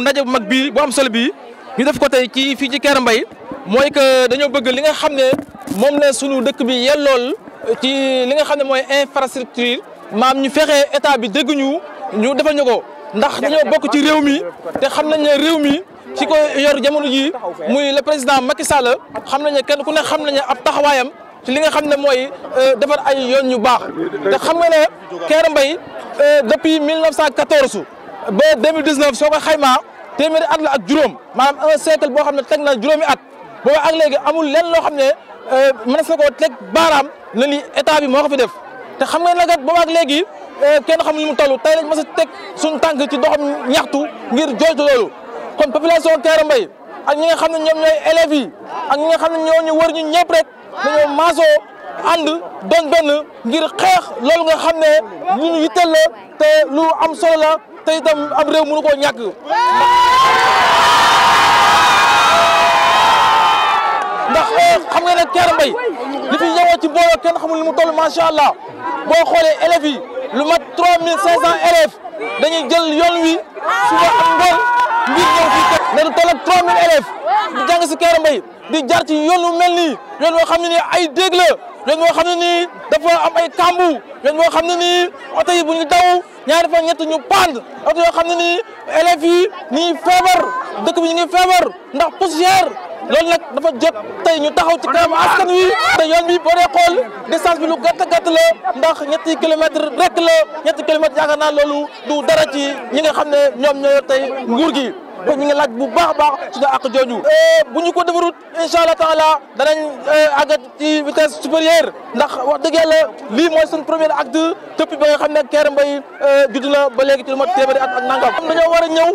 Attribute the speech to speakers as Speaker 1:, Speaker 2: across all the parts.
Speaker 1: ndaje bu mag bii bu am solo bii ñu def ko tey ci fii ci ker mbay mooy que dañoo bëgg li nga xam ne moom la sunu dëkk bi yellool ci li nga xam ne mooy infrastructure maam ñu fexe état bi dégg ñu ñu defal ñu ko ndax dañoo bokk ci réew mi te xam nañ ne réew mi ci ko yor jamono ji muy le président Macky Sall xam nañ ne kenn ku ne xam nañ ne ab taxawaayam ci li nga xam ne mooy euh, defar ay yoon yu baax te xam nga ne Kër Mbaye euh, depuis 1914. ba 2019 soo ko xaymaa téeméeri at la ak juróom maanaam un siècle boo xam ne teg na juróomi at booba ak léegi amul len loo xam ne euh, mën na koo teg baaraam na ni état bi moo ko fi def te xam nga nag booba léegi euh, kenn xamul ni mu toll tey lañ mës a teg suñu tànk ci doxam ñaxtu ngir jooytu loolu kon population Kéré Mbaye ak ñi nga xam ne ñoom ñooy élèves yi nga xam ne ñoo ñu wër ñu ñëpp rek dañoo maasoo ànd doon benn ngir xeex loolu nga xam ne lu ñu yitteel la te lu am solo la te itam am réew mënu koo ñàkk.
Speaker 2: ndax eh, xam nga ne Kër li fi ñëwoo
Speaker 1: ci mbooloo kenn xamul li mu toll macha allah boo xoolee élèves lu mat trois jël yoon Kéré Mbaye di jar ci yoon wu mel nii yoon woo xam ne nii ay dégg la yoon woo xam ne nii dafa am ay kàmbu yoon woo xam ne nii oto yi bu ñu daw ñaari fa ñett ñu pand oto yoo xam ne nii élèves yi ñu ngi feebar dëkk bi ñu ngi feebar ndax poussière loolu nag dafa jot tey ñu taxaw ci kanam askan wi da yoon bi boo dee xool distance bi lu gàtt gàtt la ndax ñetti kilomètre rek la ñetti kilomètre yaakaar naa loolu du dara ci ñi nga xam ne ñoom ñoo tey nguur gi. ba ñu ngi laaj bu baax a baax suñu àq jooju eh, bu ñu ko defarut incha allah taala danañ eh, àggat ci vitesse supérieure ndax wax dëgg yàlla lii mooy suñ premier acte depuis ba nga xam ne Kéré Mbaye eh, judd na ba léegi ci lu mat téeméeri at ak nangam am dañoo war a ñëw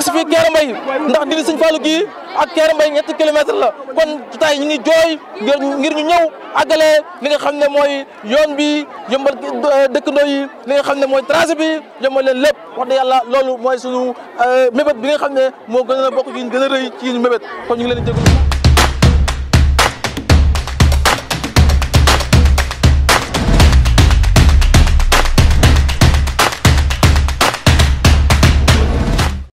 Speaker 1: si fii Kéré Mbaye ndax dindi Sëñ Fallou gi ak Kéré Mbay ñetti kilomètre la kon tutaay ñu ngi jooy ngir ñu ñëw àggale li nga xam ne mooy yoon bi yëmbal euh, dëkkandoo yi li nga xam ne mooy tracé bi yëmbal leen lépp wax dëgg yàlla loolu mooy sunu euh, mébét bi nga xam ne moo gën a bokk ci gën a rëy ci mebet kon ñu ngi leen di jégalu